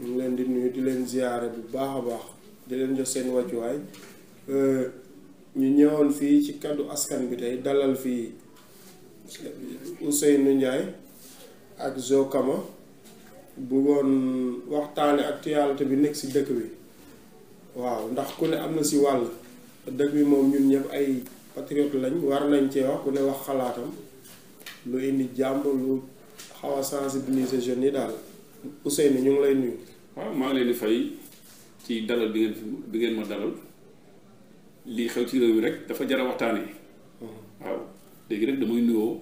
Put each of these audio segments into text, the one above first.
ñu ngi leen di nuyu di leen ziyaare bu baax a di leen jox seen wàccuwaay euh, ñu ñëwoon fii ci kaddu askan bi tey dalal fii Ousseynou Ndiaye ak Zokama bëggoon waxtaane actualité bi nekk si dëkk bi waaw ndax ku ne am na si wàll dëkk bi moom ñun ñëpp ay patriote lañ war nañ cee wax ku ne wax xalaatam lu indi jàmm lu xaw a sensibiliser jeunes yi daal Ousseynou ñu ngi lay nuyu. waaw maa ngi leen di fay ci dalal bi ngeen bi ngeen ma dalal lii xew ci réew mi rek dafa jar a waxtaanee. waaw léegi rek damay nuyoo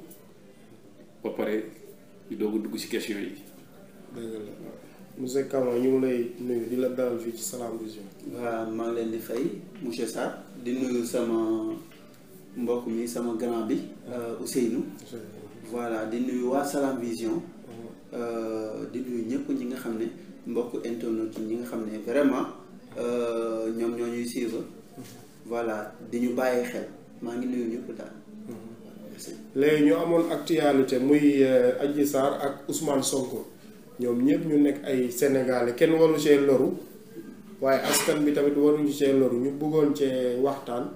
ba pare ñu doog dugg ci question yi. dëgg la monsieur ñu lay nuyu di la dalal fii ci Salam Vision. waaw maa leen di fay monsieur Sarr di nuyu sama mbokk mi sama grand bi euh, Ousseynou. voilà di nuyu waa salaam Vision. Euh, di nuyu ñëpp ñi nga xam ne. mbokk mbokku internet ñi nga xam ne vraiment euh, ñoom ñoo ñuy suivre voilà di ñu bàyyi xel maa ngi nuyu ñëpp daal. léegi ñu amoon actualité muy euh, Adji Sarr ak Ousmane Sonko ñoom ñëpp ñu nekk ay sénégalais kenn waru cee loru waaye askan bi tamit waruñu cee loru ñu bëggoon cee waxtaan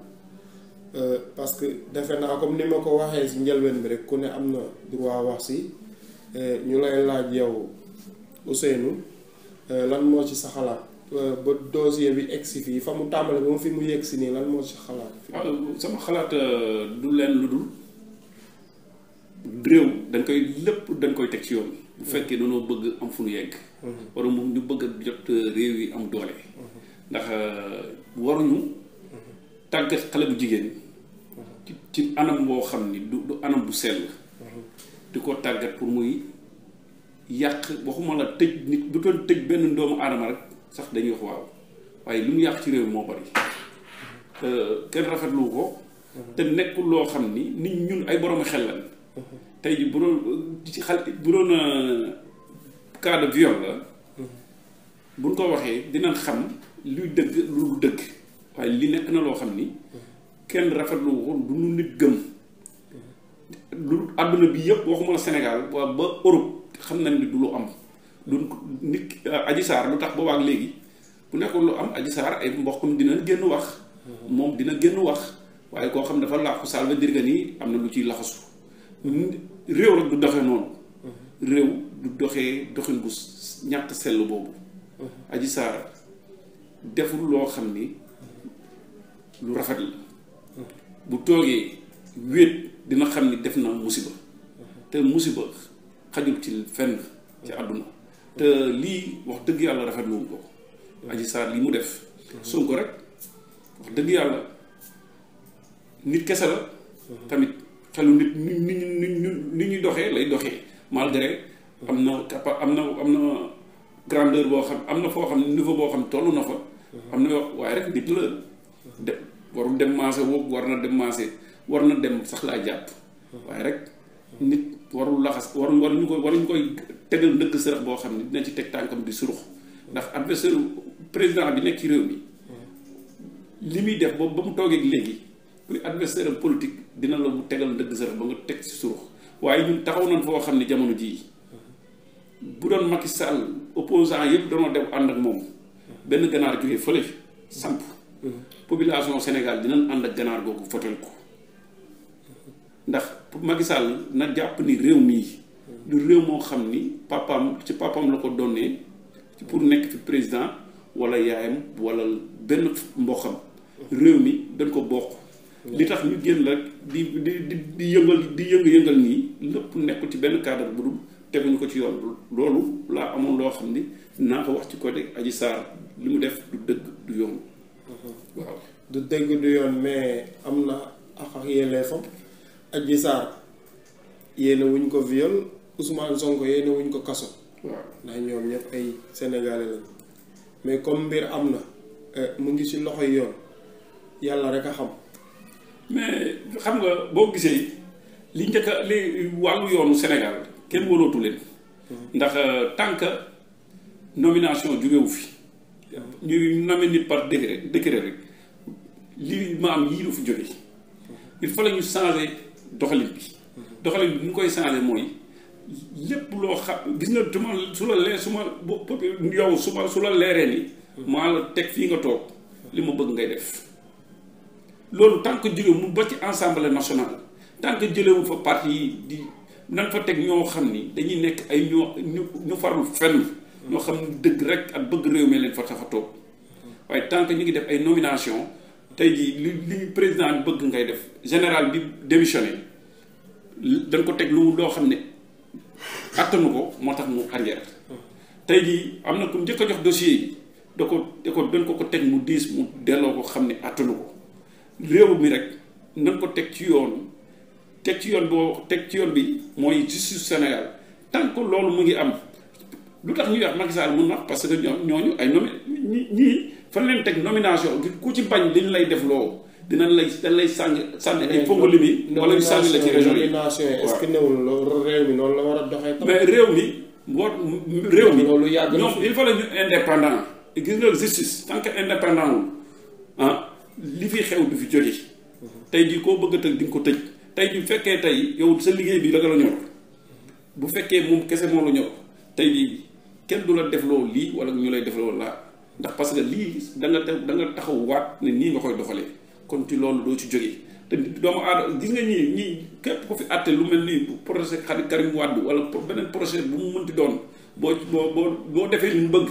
euh, parce que defe naa comme ni ma ko waxee si njëlbeen bi rek ku ne am na droit wax si ñu lay laaj yow Ousseynou Euh, lan moo ci sa xalaat euh, ba dossier bi egg si fii fa mu tàmbale ba mu fi mu yegg si nii lan moo ci xalaat. waaw sama xalaat euh, du leen lu dul réew dañ koy lépp dañ koy teg ci yoon. bu fekkee dañoo bëgg am fu nu yegg. moom ñu bëgg a réew yi am doole. Mhm. ndax waruñu mhm. tàggat xale bu jigéen mhm. ci anam boo xam ni du anam bu sell. di ko tàggat pour muy. yàq waxuma la tëj nit du doon tëj benn doomu aadama rek sax dañuy wax waaye lu mu yàq ci réew moo bari euh, kenn rafetlu ko mhm. te nekkul loo xam ni nit ñun ay borom xel la mhm. tey ji bu doon ci xal bu doon euh, cas mhm. ko waxee dinañ xam luy dëgg lu dëgg waaye li nekk na loo xam ni kenn rafetlu ko du nu nit gëm lu àdduna bi yëpp waxuma la Sénégal waa ba Europe xam nañ ni du lu am duñ nit euh, Adji Sarr lu tax boobaak léegi bu nekkoon lu am Adji Sarr ay mbokkam dina génn wax mm-hmm. moom dina génn wax waaye koo xam dafa làqu ça veut dire am na lu ciy laxasu réew rek du doxee noonu mm-hmm. réew du doxee doxin bu ñàkk sell boobu mm-hmm. Adji Sarr deful loo xam ni lu rafet la bu toogee wéet dina xam ni def na musiba te musiba xajul ci fen ci àdduna te lii wax dëgg yàlla rafet wuñ ko Adji Sarr li mu def Sonko rek wax dëgg yàlla nit kese la tamit xelu nit ni ni ni ni ñuy doxee lay doxee malgré am na capa am na am na grandeur boo xam am na foo xam niveau boo xam toll na fa am na waaye rek nit la de warul dem maase woo war na dem maase war na dem sax laa jàpp waaye rek nit warul laxas waru waruñu ko waruñu koy tegal ndëgg sërëx boo xam ne dina ci teg tànkam di surux ndax adversaire président bi nekk ci réew mi li muy def ba ba mu toogee léegi kuy adversaire am dina la mu tegal ndëgg sërëx ba nga teg ci surux waaye ñun taxaw nañ foo xam ne jamono jii bu doon Macky Sall opposant yëpp danoo dem ànd ak moom benn ganaar jógee fële samp mm-hmm. population Sénégal dinañ ànd ak ganaar googu fotel ko ndax Macky Sall na jàpp ni réew mii du réew moo xam ni papaam ci papaam la ko donnee pour nekk ci président wala yaayam walla benn mboxam réew mi dañ ko bokk li tax ñu génn rek di di di di yëngal di yëngal nii lépp nekk ci benn cadre bu dul teguñu ko ci yoon loolu laa amoon loo xam ni naa ko wax ci côté aji Sarr li mu def du dëgg du yoon mm-hmm. waaw du dëgg du yoon mais am na ak ak yelleefam Adji Sarr yéene wuñ ko viol Ousmane Sonko yéene wuñ ko kaso. waaw ndax ñoom ñëpp ay sénégalais lañ mais comme mbir am na euh, mu ngi ci yi yoon yàlla rek a xam. mais xam nga boo gisee li njëkk a li wàllu yoonu Sénégal kenn warootu leen. Hmm. ndax euh, tant que nomination jógewu fi. Hmm. ñuy nommer nit par décret décret rek li maam yii du fi jóge. Hmm. il faut la changer. doxalin bi. doxalin bi ñu koy changé mooy lépp loo xam gis nga dama su la lee ma yow su ma la leeree ni. maa la teg fii nga toog li ma bëgg ngay def. loolu tant que jëlee mu bët ci assemblée national tant que jëlewu fa parti yi di nan fa teg ñoo xam ni dañuy nekk ay ñoo ñu ñu farul fenn. ñoo xam ni dëgg rek ak bëgg réew mi leen fa tax a toog waaye tant ñu ngi def ay nomination tey jii li li président bëgg ngay def général bi démissionné dañ ko teg lu loo xam ne attanu ko moo tax mu arrière. tey jii am na ku njëkk a jox dossier yi da ko da ko ko ko teg mu diis mu delloo ko xam ne attanu ko réew mi rek nañ ko teg ci yoonu teg ci yoon boo teg ci yoon bi mooy justice sénéral tant ko loolu mu ngi am lu tax ñu wax Macky Sall mun na parce que ñoom ñooñu ay nommé ñii. fan leen teg nomination ku ci bañ ñu lay def loo dinañ lay dañ lay sàng sànni ay pongoli mi wala ñu sànni la ci région yi nomination est-ce que newul loolu réew mi noonu la war a doxee mais réew mi moo réew mi loolu yàgg ñoom il faut la ñu gis nga justice tant que indépendant ah li fi xew du fi jóge tey jii koo bëgg a tëj di ko tëj tey jii fekkee tey yow sa liggéey bi danga la ñor bu fekkee moom kese moo la ñor tey jii kenn du la def loolu lii wala ñu lay def loolu laa ndax parce que lii da nga da nga taxaw waat ne nii nga koy doxalee kon ci loolu doo ci jógee te doomu aadama gis nga ñii ñii képp ko fi àtte lu mel nii bu projet xarit waat bi wala beneen projet bu mu mënti doon boo boo boo boo defee li mu bëgg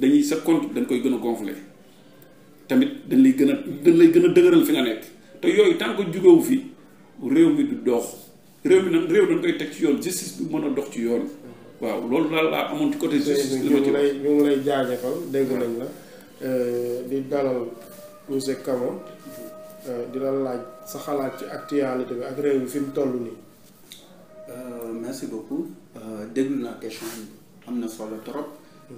dañuy sa compte dañ koy gën a gonfler tamit dañ lay gën a dañ lay gën a dëgëral fi nga nekk te yooyu tant que jógewu fi réew mi du dox réew mi nag réew dañ koy teg ci yoon justice bi mën a dox ci yoon. waaw loolu daal laa amoon ci côté justice ñu ngi lay ñu ngi lay jaajëfal dégg nañ la euh, di dalal monsieur Kama euh, di la laaj sa xalaat ci actualité bi ak réew mi fi mu toll nii. Euh, merci beaucoup déglu naa question bi am na solo trop hmm.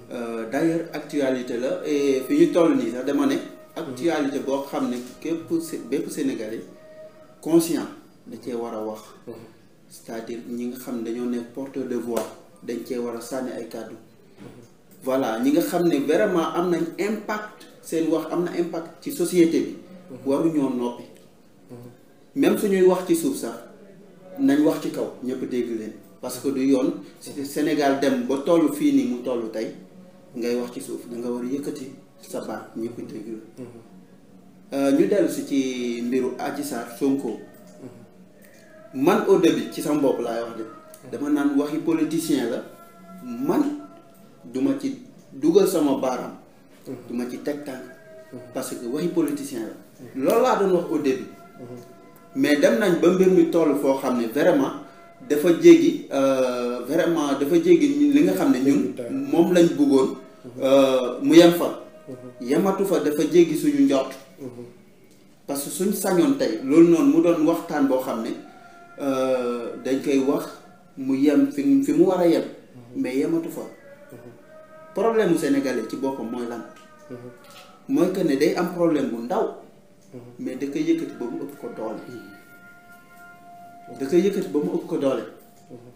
d'ailleurs actualité la et fi ñu toll nii sax dama ne. actualité boo xam ne képp bépp Sénégalais conscient da cee war a wax. Hmm. c'est-à-dire ñi nga xam ne dañoo nekk porteur de voie dañ cee war a sànni ay kàddu voilà ñi nga xam ne vraiment am nañ impact seen wax am na impact ci société bi waruñoo noppi même suñuy wax ci suuf sax nañ wax ci kaw ñëpp dégg leen parce que du yoon Sénégal dem ba tollu fii nii mu tollu tey ngay wax ci suuf da nga war a yëkkati sa baat ñëpp dégg la euh, ñu dellu si ci mbiru Adji Sarr Sonko man au début ci sama bopp laay wax de dama naan waxi politicien la man duma ci dugal sama baaraam. duma ci teg tànk. parce que waxi politicien la. loolu laa doon wax au début. mais dem nañ ba mbir mi toll foo xam ne vraiment dafa jéggi euh, vraiment dafa jéggi li nga xam ne ñun moom lañ bëggoon euh, mu yem fa. yematu fa dafa jéggi suñu njort. parce que suñ sañoon tey loolu noonu mu doon waxtaan boo xam ne euh, dañ koy wax. mu yem fi mu war a yem mais yematu fa problème mu sénégalais ci boppam mooy lan mooy que ne day am problème bu ndaw mais da koy yëkkati ba mu ëpp ko doole da koy yëkkati ba mu ëpp ko doole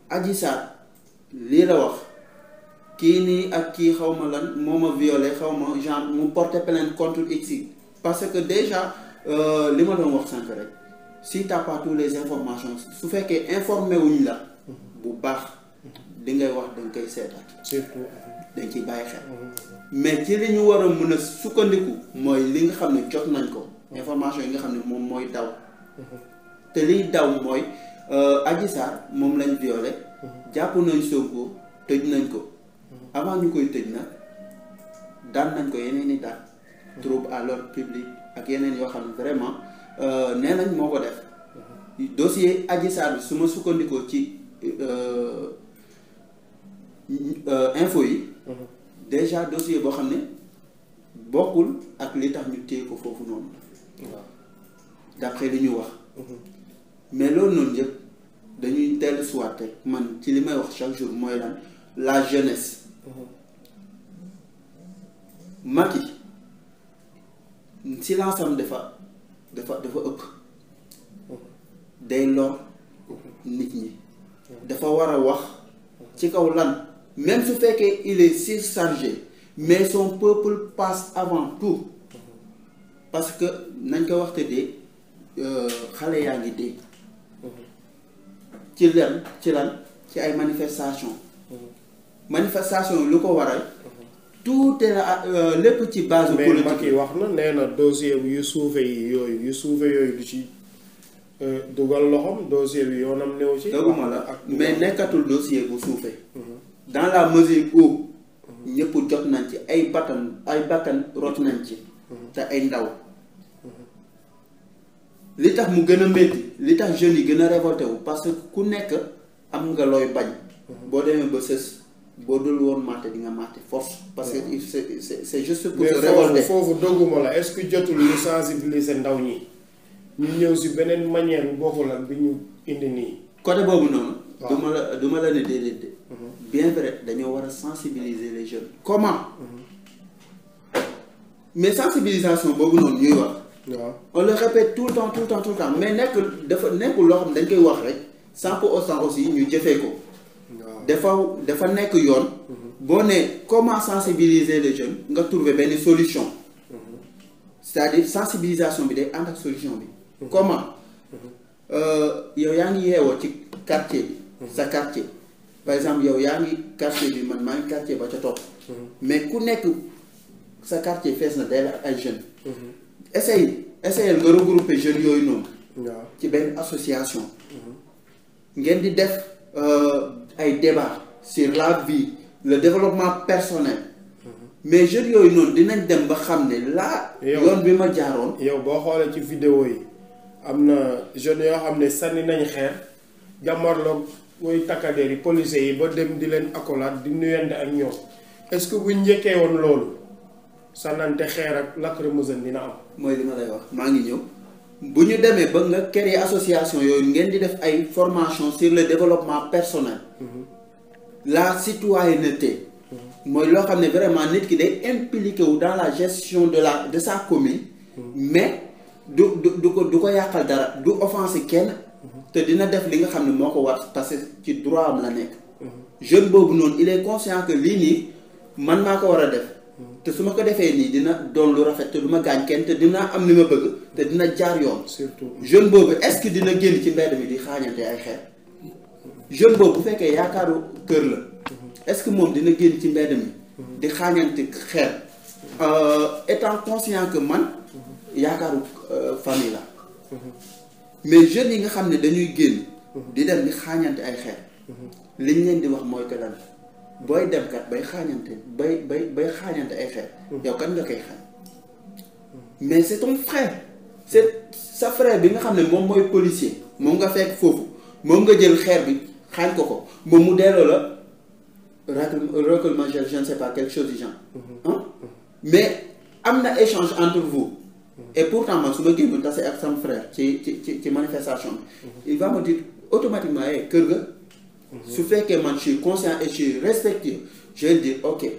aji saar lii la wax kii nii ak kii xaw ma lan moo ma violé xaw ma genre mu porté plainte contre x parce que déjà euh, li ma doon wax sànq rek si t'as les informations su fekkee informé wuñ la bu baax li ngay wax dañ koy seetaat surtout dañ ci bàyyi xel mm-hmm. mais ci li ñu war a mën a sukkandiku mooy li nga xam ne jot nañ ko mm-hmm. information yi nga xam ne moom mooy daw mm-hmm. te liy daw mooy euh, Adji Sarr moom lañ violé jàpp nañ Sonko tëj nañ ko avant ñu koy tëj na daan nañ ko yeneen i daan trouble à l'ordre public ak yeneen yoo xam ne vraiment euh, nee nañ moo ko def dossier Adji bi su ma sukkandikoo ci Euh, euh, info yi. Mhm. déjà dossier boo xam ne bokkul ak li tax ñu téye ko foofu noonu. waaw d'après li ñu wax. Mhm. mais loolu noonu yëpp dañuy dellu soit rek man ci li may wax chaque jour mooy lan la jeunesse. Mhm. Macky silence am dafa dafa dafa ëpp. day lor nit ñi. dafa war a wax ci kaw lan même su fekkee il est surchargé mais son peuple passe avant tout parce que nañ ko waxte dee euh, xale yaa ngi dee ci lan ci lan ci ay manifestation manifestation lu ko waral tout est euh, lépp ci base politique mais Macky wax na nee na yu suufe yi yooyu yu suufe yooyu du ci Euh, dugal loxoom dossier bi yoonam néew ci. dëgguma la mais nekkatul dossier bu suufee. Mhm. dans la mesure où. Mhm. ñëpp jot nañ ci ay bakkan ay bakkan rot nañ ci. Mhm. te ay ndaw. li tax mu gën a métti li tax jeunes yi gën a révolté wu parce que ku nekk am nga looy bañ. boo demee ba sës boo dul woon màtte di nga màtte foofu. parce que c'est c'est juste pour se révolter. mais foofu foofu dogguma la est-ce que jotul ñu sensibiliser ndaw ñi. ñu ñëw si beneen manière bu bokkul ak bi ñu indi nii. côté boobu noonu. waaw ma la du ma la ne déedéet de. Mhm. bien vrai dañoo war a sensibiliser les jeunes. comment. Mhm. mais sensibilisation boobu noonu ñuy wax. waaw on tout le temps tout le temps tout temps mais nekk dafa nekkul loo xam dañ koy wax rek cent pour cent aussi ñu jëfee ko. dafa dafa nekk yoon. Mhm. boo ne comment sensibiliser les jeunes nga trouver benn solution. cest à sensibilisation bi de ànd ak solution bi. comment euh, yow yaa ngi yeewoo ci quartier mhm. sa quartier par exemple yow yaa ngi quartier bi man maa ngi quartier ba ca topp mhm. mais ku nekk sa quartier fees na dell ak ay jeunes essaye essaye nga regrouper jeunes yooyu noonu ci benn association mhm. ngeen di def euh, ay débat sur la bi le développement personnel mais jeunes yooyu noonu dinañ dem ba xam ne laa yoon bi ma jaaroon yow boo xoolee ci vidéo yi am na jeunes yoo xam ne sànni nañu xeer jàmmarloog woy takkadeer yi policiers yi ba dem di leen accolade di nuyande ak ñoom est-ce que bu njëkkee woon loolu sànnante xeer ak lacrymogène dina am. mooy li ma lay wax maa ngi ñëw bu ñu demee ba nga yi association yooyu ngeen di def ay formation sur le développement personnel. Mm-hmm. la citoyenneté. Mm-hmm. mooy loo xam ne vraiment nit ki day impliqué wu dans la gestion de la de sa commune. Mm-hmm. mais du du du ko du ko yàqal dara du offensé kenn mhm. te dina def li nga xam ne moo ko war parce que ci droit am la nekk mhm. jeune boobu noonu il est lii nii man maa ko war a def mhm. te su ma ko defee nii dina doon lu rafet te du ma gaañ kenn te dinaa am li ma bëgg te dina jaar yoon surtout jeune boobu est-ce que dina génn ci mbedd mi di xaañante ay xeer jeune boobu bu fekkee yaakaaru kër la ce que moom dina génn ci mbedd mi di xaañante xeer euh, étant conscient que man yaakaaru euh, famille la mais jeunes yi nga xam ne dañuy génn di dem di xaañante ay xeer liñ leen di wax mooy que lan booy dem kat bay xaañante bay bay bay xaañante ay xeer yow kan nga koy xaañ mais c'est ton frère c'est sa frère bi nga xam ne moom mooy policier moom nga fekk foofu moom nga jël xeer bi xaañ ko ko moom mu delloo la recueillement je ne sais pas quelque chose du genre mais am na échange entre vous et pourtant man su ma génn tase ak sama frère ci ci ci ci manifestation bi. il va me dire automatiquement eh kër ga. su fekkee man je suis conscient et je suis jeune je vais ok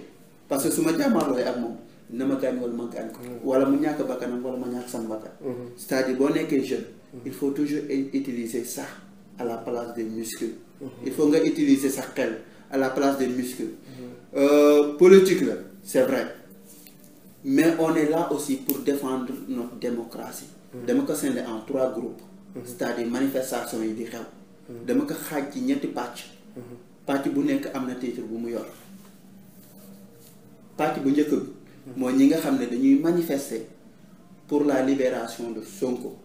parce que su ma jàmmaarlooy ak moom na ma gaañ wala ma gaañ ko. wala mu ñàkk bakkanam wala ma ñàkk sama bakkan. c'est-à-dire boo nekkee jeune. il faut toujours utiliser sax à la place des muscles. il faut nga utiliser sax xel à la place des muscles. Euh, politique la c'est vrai. mais on est là aussi pour défendre notre démocratie. Mm-hmm. dama ko scinder en trois groupes. Mm-hmm. cest à manifestation yi di xew. Mm-hmm. dama ko xaaj ci ñetti pàcc. pàcc bu nekk am na titre bu mu yor. pàcc bu njëkk bi. mooy ñi nga xam ne dañuy manifester pour la libération de Sonko.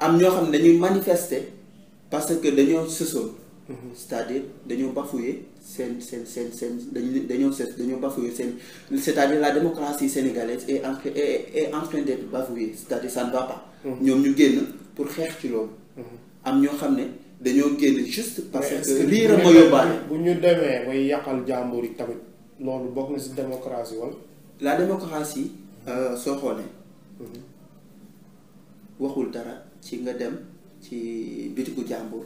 am ñoo xam ne dañuy manifeste parce que dañoo sësoon. c'est-à-dire dañoo bafoué. seen seen seen seen dañu dañoo ses dañoo bafoué seen c'est-à-dire la démocratie sénégalaise est en est en c'est-à-dire ça ne mm-hmm. ñoom ñu génn pour xeex ci loolu. Mm-hmm. am ñoo xam ne dañoo génn juste. parce que lii rek ma yóbbaale. bu ñu demee bay yàqal jàmbur yi tamit loolu bokk na si démocratie wala. la démocratie euh, soo xoolee. Mm-hmm. waxul dara ci nga dem ci bitigu jàmbur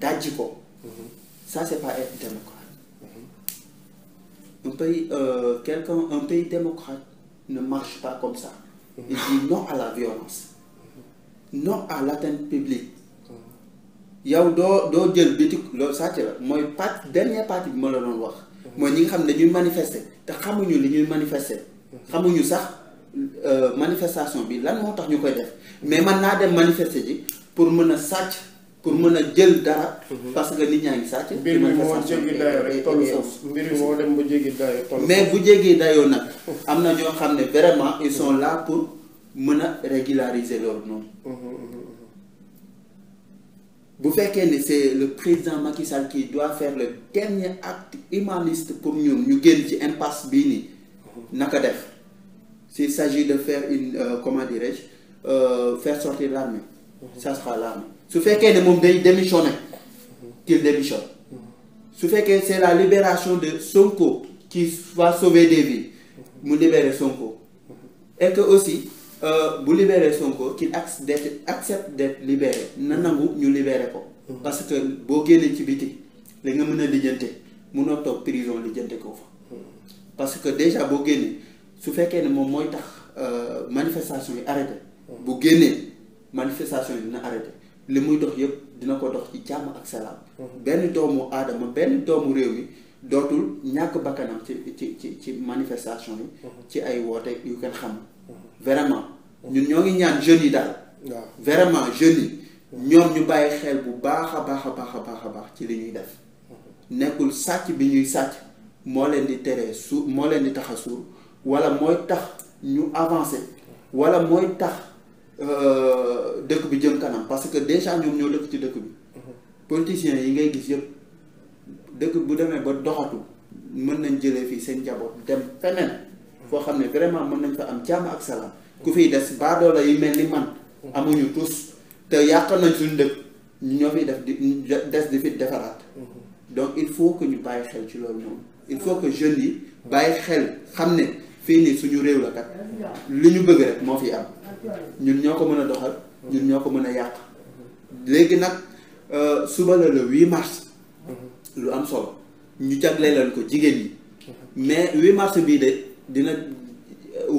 dajji ko. ça c'est pas être démocrate un pays euh, quelqu'un un pays démocrate ne marche pas comme sax mhm. il dit non à la violence non à l'atteinte publique mhm. yow doo doo jël biti loolu sàcc la mooy parti dernière partie bi ma la doon wax mhm. mooy ñi nga xam ne dañuy manifester te xamuñu li ñuy manifester xamuñu sax euh, manifestation bi lan moo tax ñu koy def mais man naa dem manifester ji pour mën a sàcc pour mën a jël dara. Mhm. parce que nit ñaa ngi sàcc. mbir mi moo jéggi dayoo rek tollu foofu mbir mi moo dem ba jéggi dayoo tollu mais bu jéggi dayoo nag. am na ñoo xam ne vraiment ils sont la pour mën a régulariser loolu noonu. Mhm, mhm, bu fekkee ni c'est le président Macky Sall qui doit faire le dernier acte humaniste pour ñoom ñu génn ci impasse bii nii. naka def s'il s'agit de faire une euh, comment dirais-je euh, faire sortir l'armée ça sera l'armée su fekkee ne moom day démissionné qu'il démissionne su fekkee c'est la libération de Sonko ci va sauver bi mu libérer Sonko et que aussi euh, bu libérer Sonko qu'il accepte d'être libéré na nangu ñu libérer ko parce que boo génnee ci biti li nga mën a lijjante mënoo toog prison lijjante ko fa parce que déjà boo génnee su fekkee ne moom mooy tax euh, manifestation yi arrêté bu génnee manifestation yi dina arrêté li muy dox yëpp dina ko dox ci jàmm ak salaam. Mhm. benn doomu aadama benn doomu réew yi dootul ñàkk bakkanam ci ci ci ci manifestation yi. Mhm. ci ay woote yu kenn xam. Mhm. vraiment ñun ñoo ngi ñaan jeunes yi daal. waaw vraiment jeunes yi. ñoom ñu bàyyi xel bu baax a baax a baax a baax a baax ci li ñuy def. nekkul sàcc bi ñuy sàcc moo leen di tere suur moo leen di tax a suur wala mooy tax ñu avancé wala mooy tax. Euh, dëkk bi jëm kanam parce que déjà ñoom ñoo dëkk ci dëkk bi. politiciens yi ngay gis yëpp dëkk bu demee ba doxatu mën nañ jëlee fii seen njaboot dem feneen. foo xam ne vraiment mën nañ fa am jàmm ak salaam. ku fiy des baadoola yi mel ni man. amuñu tous te yàq nañ suñu dëkk ñoo fiy def di des di fi defaraat. Mhm. donc il faut que ñu bàyyi xel ci loolu noonu. il faut que jeunes yi bàyyi xel xam ne. fii nii suñu réew la kat li ñu bëgg rek moo fi am ñun ñoo ko mën a doxal ñun ñoo ko mën a yàq léegi nag euh, suba la le 8 mars lu am solo ñu jagle leen ko jigéen ñi mais 8 mars bii de dina euh,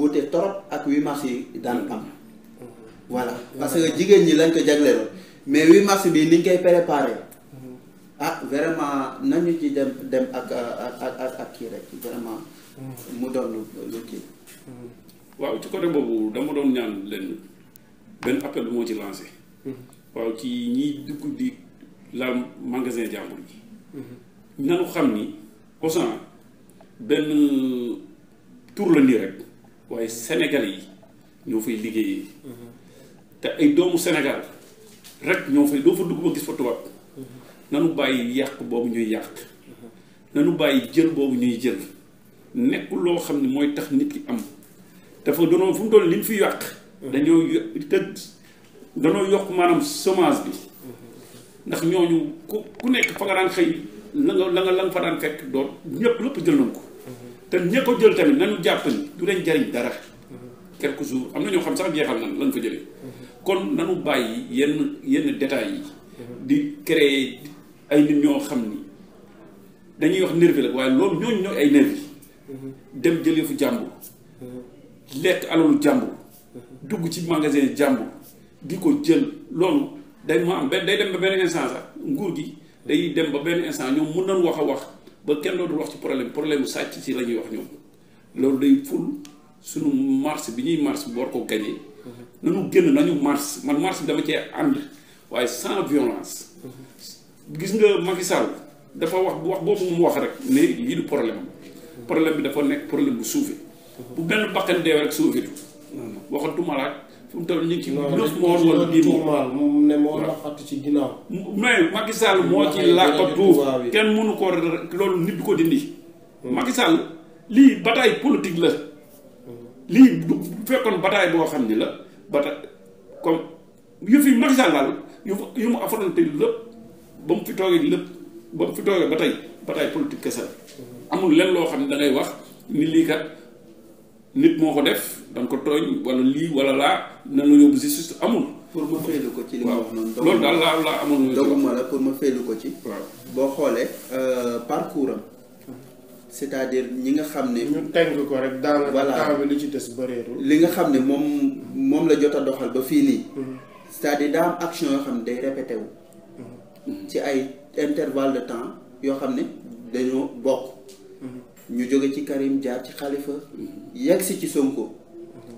wute torop ak 8 mars yi daan am voilà parce que jigéen ñi lañ ko jagleeloon mais 8 mars bii ni ñu koy ah vraiment nañu ci dem dem ak ak ak ak kii rek vraiment mu doon lu lu hmm. waaw ci côté boobu dama doon ñaan leen benn appel bu moo ci lancé. Hmm. waaw ci ñiy dugg di laal magasin jàmbur yi. Hmm. nanu xam ni Auchan benn tur la nii rek waaye Sénégal yi ñoo fay liggéeyee. te ay doomu Sénégal rek ñoo fay doo fa dugg ba gis fa tubaab. nanu bàyyi yàq boobu ñuy yàq. nanu bàyyi jël boobu ñuy jël. nekkul loo xam ne mooy tax nit ki am dafa doonoo fu mu doon li ñu fi yàq. dañoo te danoo yokk maanaam chômage bi. ndax ñooñu ku ku nekk fa nga daan xëy la nga la nga la nga fa daan fekk doon ñëpp lépp jël nañ ko. te ñëpp ko jël tamit nañu jàpp ni du leen jariñ dara. quelques jours am na ñoo xam sax jeexal nan lañ fa jëlee. kon nanu bàyyi yenn yenn détails yi. di créer ay nit ñoo xam ni dañuy wax nervi la waaye loolu ñooñu ñooy ay nervi dem jëlee fu jàmbur lekk alalu jàmbur dugg ci magasin jàmbur di ko jël loolu day ma am benn day dem ba benn instant sax nguur gi day dem ba benn instant ñoom mun nañu wax a wax ba kenn dootul wax ci problème problème mu sàcc si la wax ñoom loolu day ful suñu marche bi ñuy marche war ko gagné. nañu génn nañu marche man marche dama cee ànd waaye sans violence. gis nga Macky Sall dafa wax wax boobu mu wax rek ne lii du problème problème bi dafa nekk problème bu suufee. bu benn bakkan deewee rek suufeetu. waxatuma laaj fu mu toll ñu ngi ci. neuf mois wala dix mois mu ne moo laqatu ci ginnaaw. mais Macky kenn mënu ko loolu nit du ko dindi. Hmm. Macky Sall lii bataille politique la. Hmm. lii bu fekkoon bataille boo xam ni la bataille comme yëf yi Macky Sall daal yu yu mu affronté lépp ba mu fi toogee lépp ba mu fi toogee ba tey bataille kese la. amul lenn loo xam ne da wax ni lii kat nit moo ko def da nga ko tooñ wala lii wala laa na nga yóbbu si juste amul. pour ma féelu ko ci li ma wax noonu. loolu daal laa laa amoon pour ma féelu ko ci. waaw boo xoolee euh, parcours am. c'est-à-dire ñi nga xam ne. ñu tënk ko rek daanaka. voilà temps li ci des bëreetul. li nga xam ne moom moom la jot a doxal ba fii nii. Mhm. c'est-à-dire daa am action yoo xam ne day répété mhm. ci ay intervalle de temps yoo xam ne dañoo bokk. ñu jóge ci Karim jaar ci xalifa yegg si ci Sonko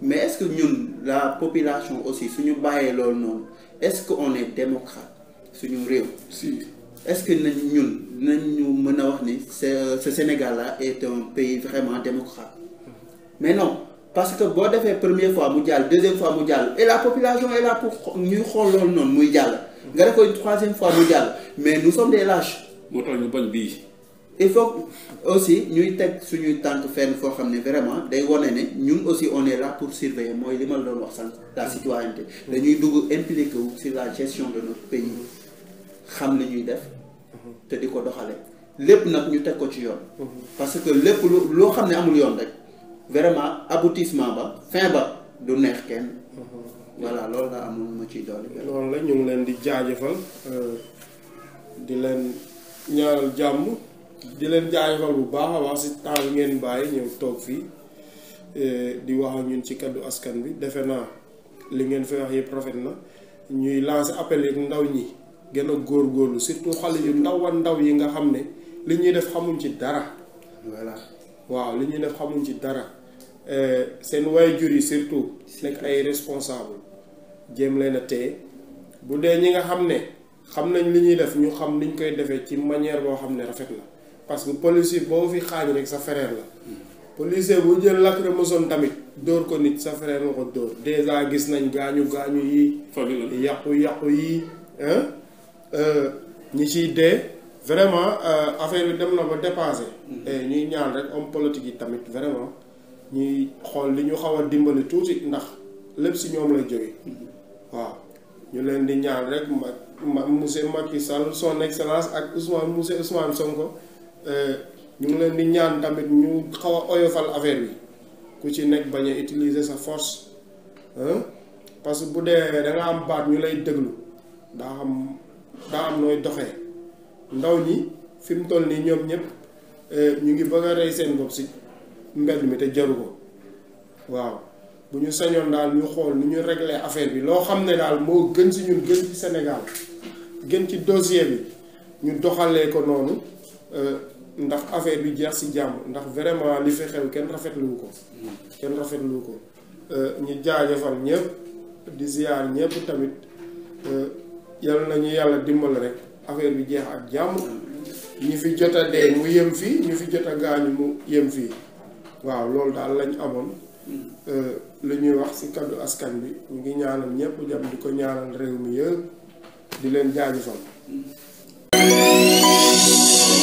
mais est-ce que ñun la population aussi suñu bàyyee loolu noonu est-ce que on est démocrate suñu réew si est-ce que nañ ñun nañ ñu mën a wax ni ce Sénégal là est un pays vraiment démocrate mais non parce que boo defee première fois mu jàll deuxième fois mu jàll e la population est là pour ñuy xool loolu noonu muy jàll nga def ko troisième fois mu jàll mais nous sommes des moo tax ñu bañ bii il faut aussi ñuy teg suñuy tànk fenn foo xam ne vraiment day wane ne ñun aussi on est là pour surveiller mooy li ma la doon wax sànq la citoyenneté dañuy dugg impliqué wu sur la gestion de notre pays xam li ñuy def te di ko doxale lépp nag ñu teg ko ci yoon parce que lépp lu loo xam ne amul yoon rek vraiment aboutissement ba fin ba du neex kenn voilà loolu laa amul ma ciy doole loolu la ñu ngi leen di jaajëfal euh, di leen ñaanal jàmm di leen jaajëfal bu baax a baax si temps bi ngeen bàyyi ñëw toog fii eh, di wax ñun ci kaddu askan bi defe naa li ngeen fi wax yëpp rafet na ñuy lancer appel yi ndaw ñi genn góor góor góorgóorlu surtout xale yu ndaw a ndaw yi nga xam ne li ñuy def xamuñ ci dara voilà waaw li ñuy def xamuñ ci dara eh, seen waajur yi surtout nekk ay responsable jéem leen a téye bu dee ñi nga xam ne xam nañ li ñuy def ñu xam niñ koy defee ci manière boo xam ne rafet na parce que policier boo fi xaañ rek sa frère la policier bu jël lacrymogène tamit dóor ko nit sa frère nga ko dóor déjà gis nañ gaañu gaañu yi yàqu yàqu yi euh, ñi ciy dee vraiment euh, affaire yu dem na ba dépassé mm-hmm. et ñuy ñaan rek homme politique yi tamit vraiment ñuy xool li ñu xaw a dimbali tuuti ndax lépp si ñoom lay jóge mm-hmm. waaw ñu leen di ñaan rek ma mag yi Sall son excellence ak Ousmane monsieur Ousmane Sonko Euh, ñu ngi leen di ñaan tamit ñu xaw a oyofal affaire bi ku ci nekk bañ utiliser sa force parce que bu dee da am baat ñu lay déglu daa xam daa am nooy doxe ndaw ñi fi mu toll nii ñoom ñëpp euh, ñu ngi bëgg a rey seen bopp si mi te jaru ko waaw bu ñu sañoon daal ñu xool nu ñu régler affaire bi loo xam ne daal moo gën si ñun gën ci Sénégal gën ci dossier bi ñu doxalee ko noonu. Euh, ndax affaire bi jeex si jàmm ndax vraiment li fi xew kenn rafetluwu ko kenn rafetluwu ko euh, ñu jaajëfal ñëpp di ziar ñëpp tamit euh, yal na ñu yàlla dimbal rek affaire bi jeex ak jàmm ñu fi jot a dee mu yem fii ñu fi jot a gaañu mu yem fii waaw loolu daal lañ amoon lu ñuy wax si kaddu askan bi ñu ngi ñaanal ñëpp jàmm di ko ñaanal réew mi yëpp di leen jaajëfal